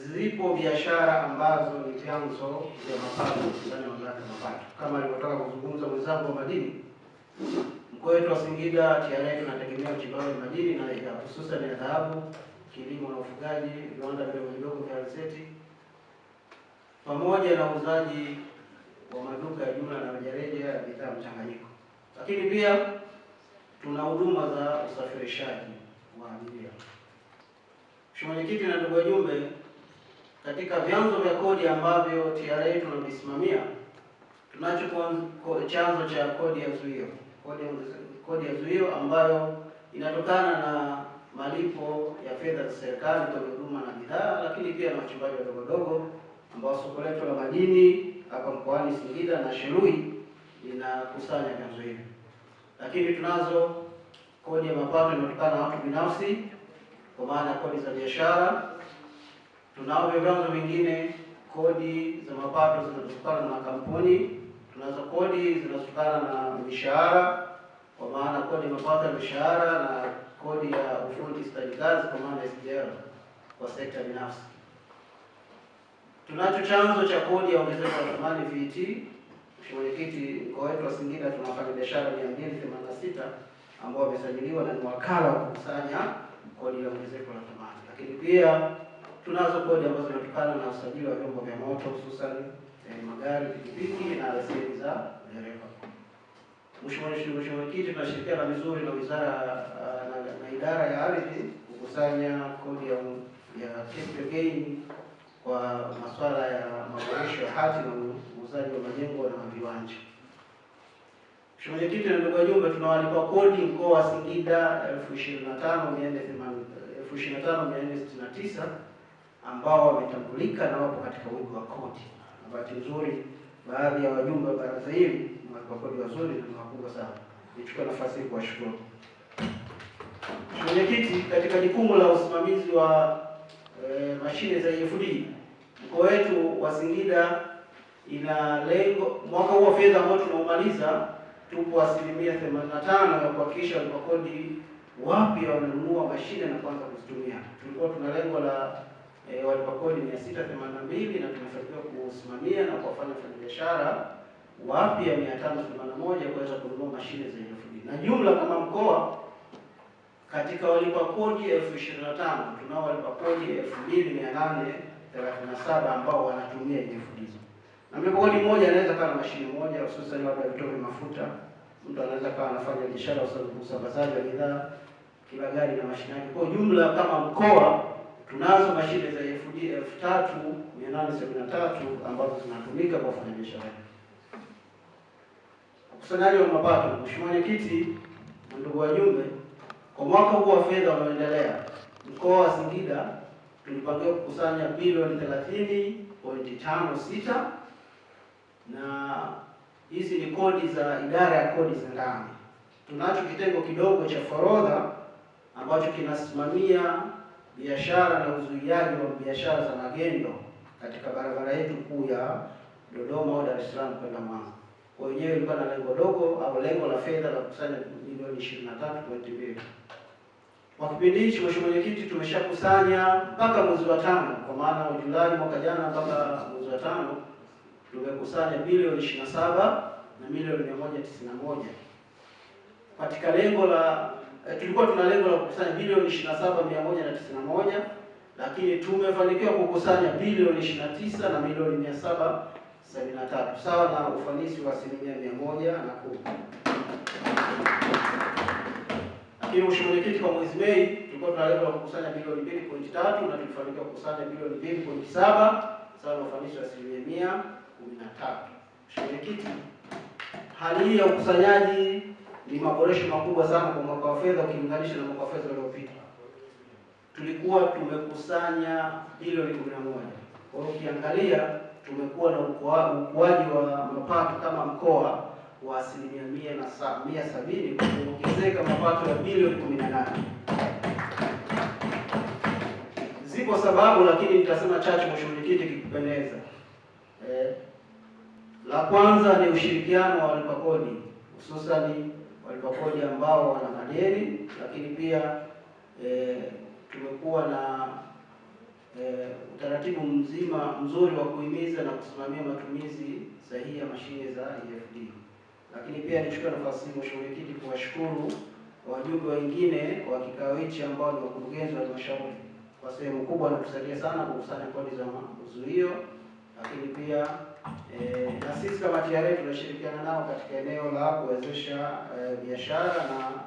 Zipo biashara ambazo ni vyanzo vya mapato ndani ya mamlaka ya mapato, kama alivyotaka kuzungumza mwenzangu wa madini. Mkoa wetu wa Singida TRA tunategemea uchimbaji wa madini na ya hususan ya dhahabu, kilimo na ufugaji, viwanda vidogo vidogo vya alizeti, pamoja na uuzaji wa maduka ya jumla na rejareja ya bidhaa mchanganyiko. Lakini pia tuna huduma za usafirishaji wa abiria. Mheshimiwa Mwenyekiti na ndugu wajumbe katika vyanzo vya kodi ambavyo TRA tunavisimamia, tunacho chanzo cha kodi ya zuio, kodi, kodi ya zuio ambayo inatokana na malipo ya fedha za serikali kwa huduma na bidhaa, lakini pia na wachimbaji wadogodogo ambao soko letu la madini hapa mkoani Singida na Shirui linakusanya vyanzo hivyo. Lakini tunazo kodi ya mapato inayotokana na watu binafsi, kwa maana kodi za biashara Tunao vyanzo vingine, kodi za mapato zinazotokana na kampuni, tunazo kodi zinazotokana na mishahara, kwa maana kodi ya mapato ya mishahara na kodi ya ufundi stadi kazi, kwa maana SDR kwa sekta binafsi. Tunacho chanzo cha kodi ya ongezeko la thamani VAT. Mheshimiwa Mwenyekiti, mkoa wetu wa Singida tuna wafanyabiashara 286 ambao wamesajiliwa na ni wakala wa kukusanya kodi ya ongezeko la thamani, lakini pia Tunazo kodi ambazo zinatokana na usajili wa vyombo vya moto hususan eh, magari, pikipiki na leseni za dereva. Mheshimiwa Mwenyekiti, tunashirikiana vizuri na wizara ah, na, na idara ya ardhi kukusanya kodi ya, ya capital gain kwa masuala ya maboresho ya hati na uuzaji wa majengo na viwanja. Mheshimiwa Mwenyekiti na ndugu wajumbe, tunawalipa kodi mkoa wa Singida elfu ishirini na tano mia nne themanini elfu ishirini na tano mia nne sitini na tisa ambao wametambulika na wapo katika wigo wa kodi. Bahati nzuri baadhi ya wajumbe wa baraza hili ni kodi wazuri na wakubwa sana. Nichukue nafasi hii kuwashukuru. Mwenyekiti, katika jukumu la usimamizi wa e, mashine za EFD mkoa wetu wa Singida ina lengo mwaka huu wa fedha ambao tunaumaliza tupo asilimia 85 ya kuhakikisha walipa kodi wapya wananunua mashine na kuanza kuzitumia. Tulikuwa tuna lengo la e, eh, walipa kodi 682 na tumefanikiwa kusimamia na kuwafanya wafanyabiashara wapya 581 kuweza kununua mashine zenye elfu na jumla kama mkoa katika walipa kodi elfu ishirini na tano tunao walipa kodi elfu mbili mia nane thelathini na saba ambao wanatumia jefudizo na mlipa kodi mmoja anaweza kawa na mashine moja, hususan labda vituo vya mafuta. Mtu anaweza kawa anafanya biashara usambazaji wa bidhaa kila gari na mashine yake. Kwa jumla kama mkoa Tunazo mashine za elfu tatu mia nane sabini na tatu ambazo zinatumika kwa wafanyabiashara. Ukusanyaji wa mapato. Mheshimiwa Mwenyekiti na ndugu wajumbe, kwa mwaka huu wa fedha unaoendelea, mkoa wa Singida tulipangiwa kukusanya bilioni 30.56 na hizi ni kodi za idara ya kodi za ndani. Tunacho kitengo kidogo cha forodha ambacho kinasimamia biashara na uzuiaji wa biashara za magendo katika barabara yetu kuu ya Dodoma au Dar es Salaam kwenda Mwanza. Kwa hiyo yeye alikuwa na lengo dogo au lengo la fedha la kukusanya milioni 23.2. Kwa kipindi hichi Mheshimiwa Mwenyekiti, tumeshakusanya mpaka mwezi wa tano, kwa maana Julai mwaka jana mpaka mwezi wa tano tumekusanya bilioni 27 na milioni 191 katika lengo la e, tulikuwa tuna lengo la kukusanya bilioni 27191 lakini tumefanikiwa kukusanya bilioni 29 na milioni 773 sawa na ufanisi wa asilimia mia moja na kumi. Lakini Mheshimiwa Mwenyekiti, kwa mwezi Mei tulikuwa tuna lengo la kukusanya bilioni 2.3 na tulifanikiwa kukusanya bilioni 2.7 sawa na ufanisi wa asilimia mia 13. Mheshimiwa Mwenyekiti, hali hii ya ukusanyaji ni maboresho makubwa sana kwa mwaka wa fedha ukilinganisha na mwaka wa fedha uliopita. Tulikuwa tumekusanya bilioni kumi na moja. Kwa hiyo ukiangalia tumekuwa na ukuaji wa mapato kama mkoa wa asilimia mia na mia sabini kuongezeka mapato ya bilioni kumi na nane. Zipo sababu, lakini nitasema chache, Mheshimiwa Mwenyekiti, kikupendeza. Eh, la kwanza ni ushirikiano wa kodi hususani walipokoja ambao wana madeni, lakini pia e, tumekuwa na e, utaratibu mzima mzuri wa kuhimiza na kusimamia matumizi sahihi ya mashine za EFD. Lakini pia nichukue nafasi hii Mheshimiwa Mwenyekiti, kuwashukuru wajumbe wengine wa kikao hichi ambao ni wakurugenzi wa halmashauri kwa sehemu kubwa wanatusaidia sana kukusanya kodi za mazuio lakini pia e, na sisi kama TRA tunashirikiana nao katika eneo la kuwezesha eh, biashara na